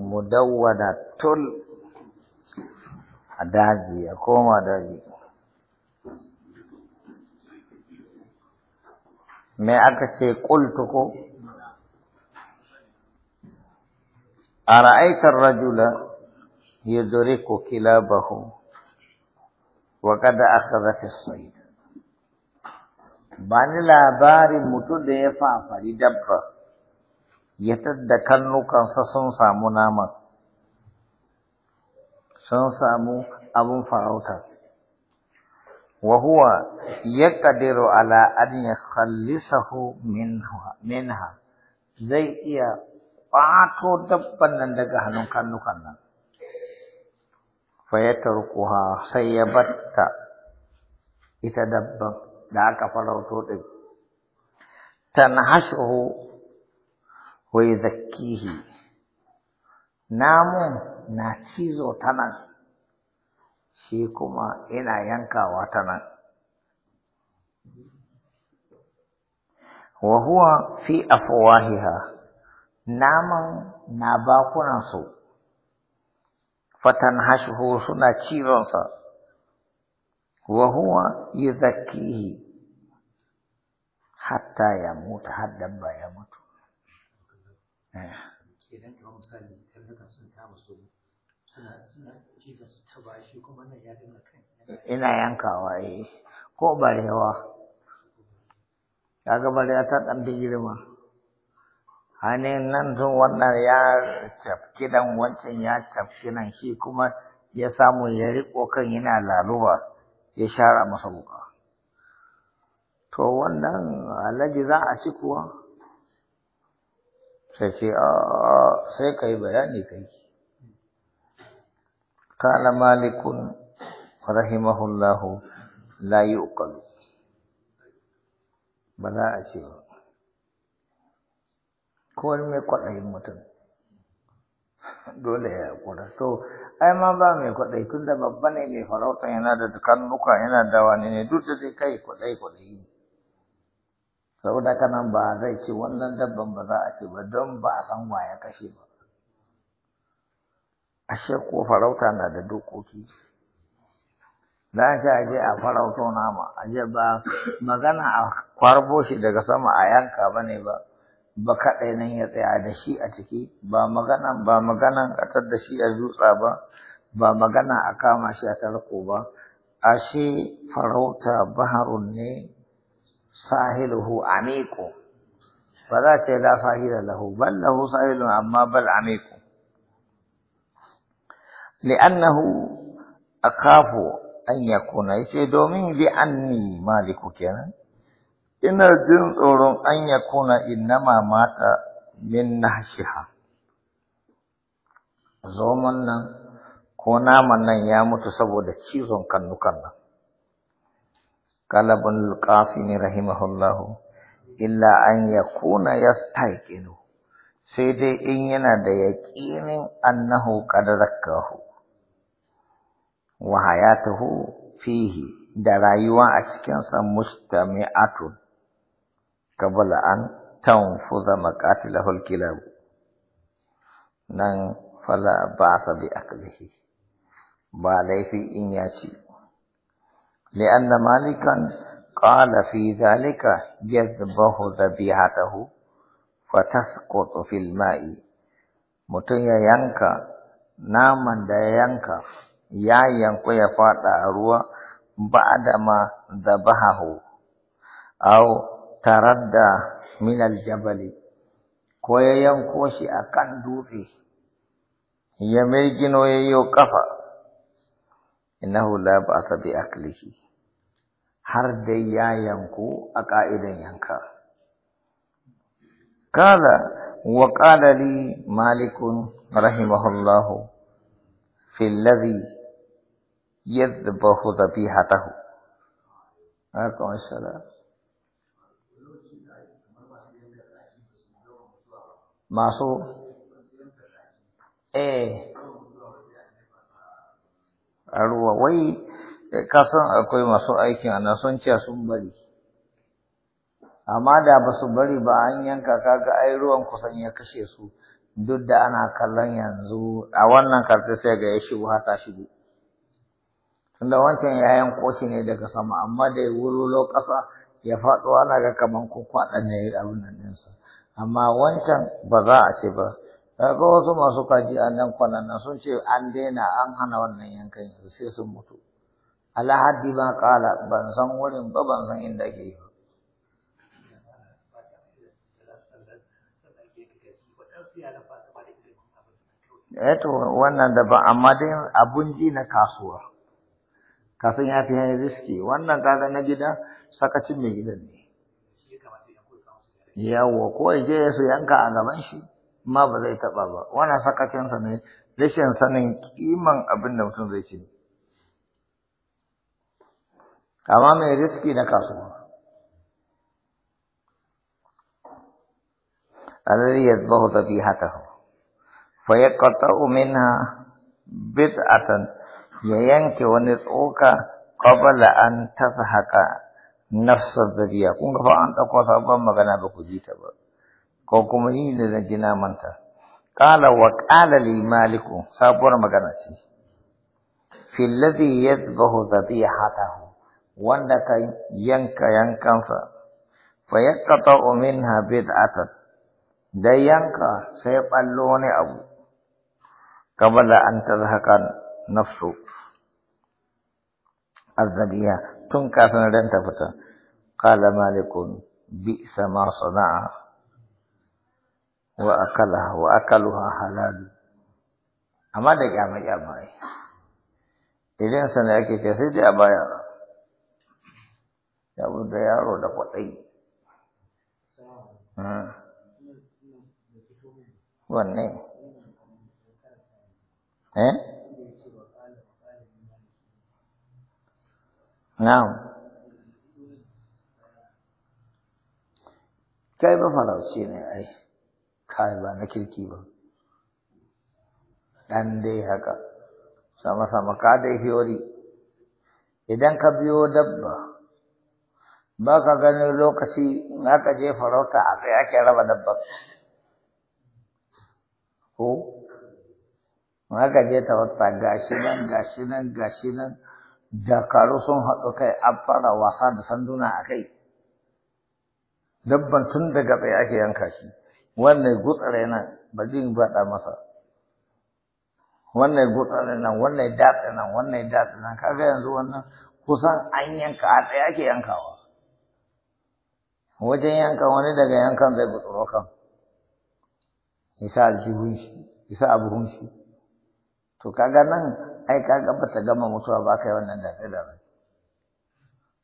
mudawwada tul a daji ya koma daji me aka ce ƙultu ko a ra'aitar rajula yudriku kilabahu wa kada akhadha fi sayd ba ni labarin mutum da ya fafari dabba ya tadda kannukansa sun samu nama sun samu abun farauta wa huwa yaqdiru ala an yakhallisahu minha minha zai iya ƙwato dabban nan daga hannun kannukan nan fa kuwa sai ya batta ita dabban da aka farauto tana hashe Wai zakihi namun na cizo ta nan shi kuma ina yankawa ta nan wa huwa fi afwahiha naman na bakunan su fatan hashu suna cizonsa wa huwa zakihi hatta ya mutu har ba ya mutu ina yankawa eh ko barewa kaga barewa ta dan bi girma hannun nan tun wannan ya cafki dan wancan ya cafki nan shi kuma ya samu ya riƙo kan yana laluba ya share masa wuka to wannan alaji za a ci kuwa sai ce a sai kai bayani kai kana malikun rahimahullahu la yuqalu ba za a ce ba kowai mai kwaɗayin mutum dole ya haƙura to ai ma ba mai kwaɗayi tun da babba ne mai farauta yana da dukan muka yana da wani ne duk da zai kai kwaɗayi kwaɗayi saboda haka nan ba zai ce wannan dabban ba za a ce ba don ba a san wa ya kashe ba ashe ko farauta na da dokoki za ka je a farauto nama aje ba magana a kwarbo shi daga sama a yanka ba ne ba ba kaɗai nan ya tsaya da shi a ciki ba magana ba magana a da shi a dutsa ba ba magana a kama shi a tarko ba ashe farauta baharun ne sahiluhu amiku ba za ce la sahila lahu bal lahu sahilu amma bal amiku li'annahu akhafu an yakuna yace domin li maliku kenan ina jin tsoron an yakuna innama mata min nahshiha zoman nan ko naman nan ya mutu saboda cizon kannukan nan kalabun alƙafini rahimahullahu illa an ya yakuna yastaqinu sai dai in yana da yaqinin annahu qad zakkahu wa hayatuhu fihi da rayuwa a cikin sa mustami'atu qabla an tanfudha maqatilahu alkilab nan fala ba'sa bi aqlihi ba laifi in ya ce لأن مالكا قال في ذلك يذبح ذبيحته فتسقط في الماء mutum ya yanka naman da ya yanka ya yanku ya faɗa a ruwa ba da ma zabahahu au taradda min aljabali ko ya yanko shi a kan dutse ya mirgino yayyo ƙafa. إنه لا بأس بأكله هر ديا ينكو أقائد ينكا قال وقال لي مالك رحمه الله في الذي يذبح ذبيحته أكون السلام معصوم ايه a ruwa wai kasan akwai masu aikin ana son cewa sun bari amma da ba su bari ba an yanka kaga ai ruwan kusan ya kashe su duk da ana kallon yanzu a wannan karfe sai ga ya shigo haka shigo tunda wancan 'ya'yan yanko ne daga sama amma da ya lo ƙasa ya faɗo ana ga kaman ɗan ya yi abin nan ɗinsa amma wancan ba za a ce ba Kaga wasu masu kaji a nan kwanan sun ce an daina an hana wannan yankan yanzu sai sun mutu. Alhaddi ma kala ban san wurin ba ban san inda ke yi ba. Eto eh wannan ba amma dai abun ji na kasuwa. Kafin ya fi hanyar riski wannan kaga na gida sakacin mai gidan ne. Yawwa ko ya je ya su yanka a gaban shi. ma ba zai taɓa ba wannan sakacinsa ne rashin sanin kiman abin da mutum zai ci amma mai riski na kasuwa alladhi yadbahu dhabihatahu fa yaqta'u minha bid'atan ya yanke wani tsoka qabla an haka nafsa dhabiya kun ga fa an dauko sabon magana ba ku ji ta ba ko kuma ni da na ji na manta qala wa qala li maliku sabuwar magana ce fi alladhi yadhbahu dhabihatahu wanda ka yanka yankansa fa yaqta'u minha bid'atan da yanka sai ballo ne abu qabla an tazhaka nafsu azzabiya tun kafin ran ta fita qala malikun bi'sa ma sana'a wa akalaha wa akaluha halalu amma da kyama kyama ai idan sana yake ce sai dai a baya ya da yaro da kwaɗayi hmm. wanne eh na'am kai ba farauci ne ai kai ba na kirki ba dan dai haka sama-sama ka dai hiyori idan ka biyo dabba ba ka ganin lokaci in aka je farauta a kai ake raba dabba ko in aka je tawatta gashi nan gashi nan gashi nan dakaru sun haɗu kai an fara wasa da sanduna a kai dabban tun daga tsaye ake yanka shi wannan gutsare nan ba yi faɗa masa wannan gutsare nan wannan datse nan wannan datse nan kaga yanzu wannan kusan an yanka a ɗaya ake yankawa wajen yanka wani daga yankan zai gutsuro kan isa aljihun shi isa abuhun shi to kaga nan ai kaga ba ta gama mutuwa ba kai wannan datse da rai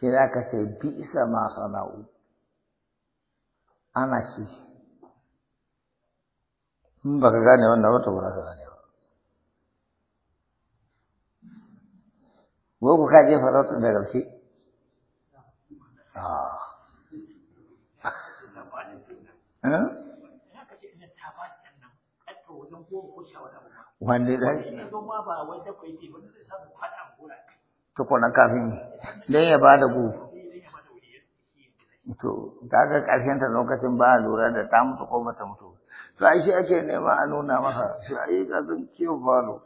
shi za ka ce bi isa ma sana'u ana shi in ba ka gane wannan ba to ba ka gane ba boko ka je farautar da gaske ah. eh? wanda da tukunan kafin don ya ba da gu to kaga ƙarshen ta lokacin ba lura da ta mutu ko mata mutu Ka ake nema a nuna masa shi a yi ƙasin kiyo falo.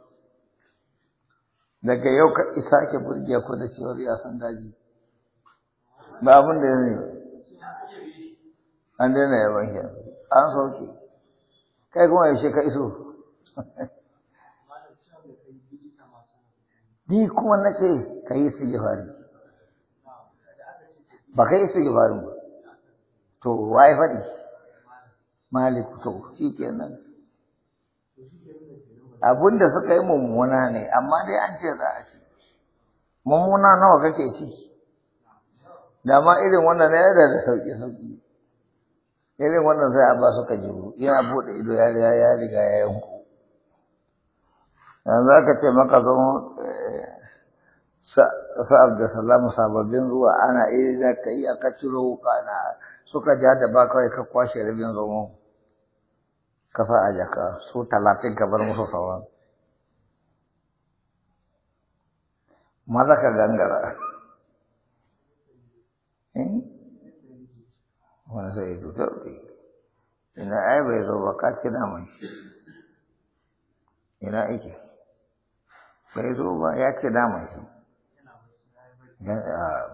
Daga yau ka isa ke burge ku da cewar ya san daji. Ba abin da ya ne. An daina yaban shi. An sauke. Kai kuma yaushe ka iso. Ni kuma na ce ka yi su gifari Ba ka yi su sigifarin ba. To, wa ya faɗi? malik to shi kenan abin da suka yi mummuna ne amma dai an ce za a ci mummuna nawa kake shi da ma irin wannan na yana da sauki sauki irin wannan sai a ba suka jiru ya bude ido ya riga ya riga ya yanku yanzu aka ce maka zo eh, sa'ab da salamu sababbin ruwa ana iri za ka yi aka ciro na suka ja da ba kawai ka kwashe rabin zomo Kasa a jaka su talatin ka bar musu sauran maza ka gangara eh? wani sai ya tauri ina ai bai zo ba ka cina mai ina ake bai zo ba ya ce damar shi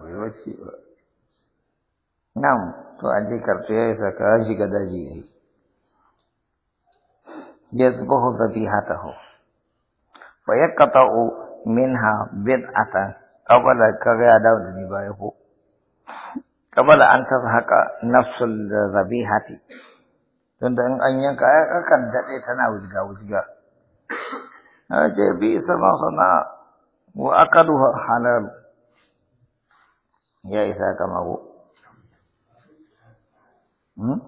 bai wacce ba nan to an je karfe ya isa ka shiga daji ya yi yazbahu zabihatahu wa yaqta'u minha bid'atan qabla ba wa ko. qabla an da nafsul zabihati tunda an yanka. ka akan dade tana wujga wujga aje bi sama wa aqadu halal ya isa kama ku hmm?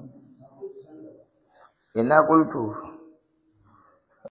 Ina kultur.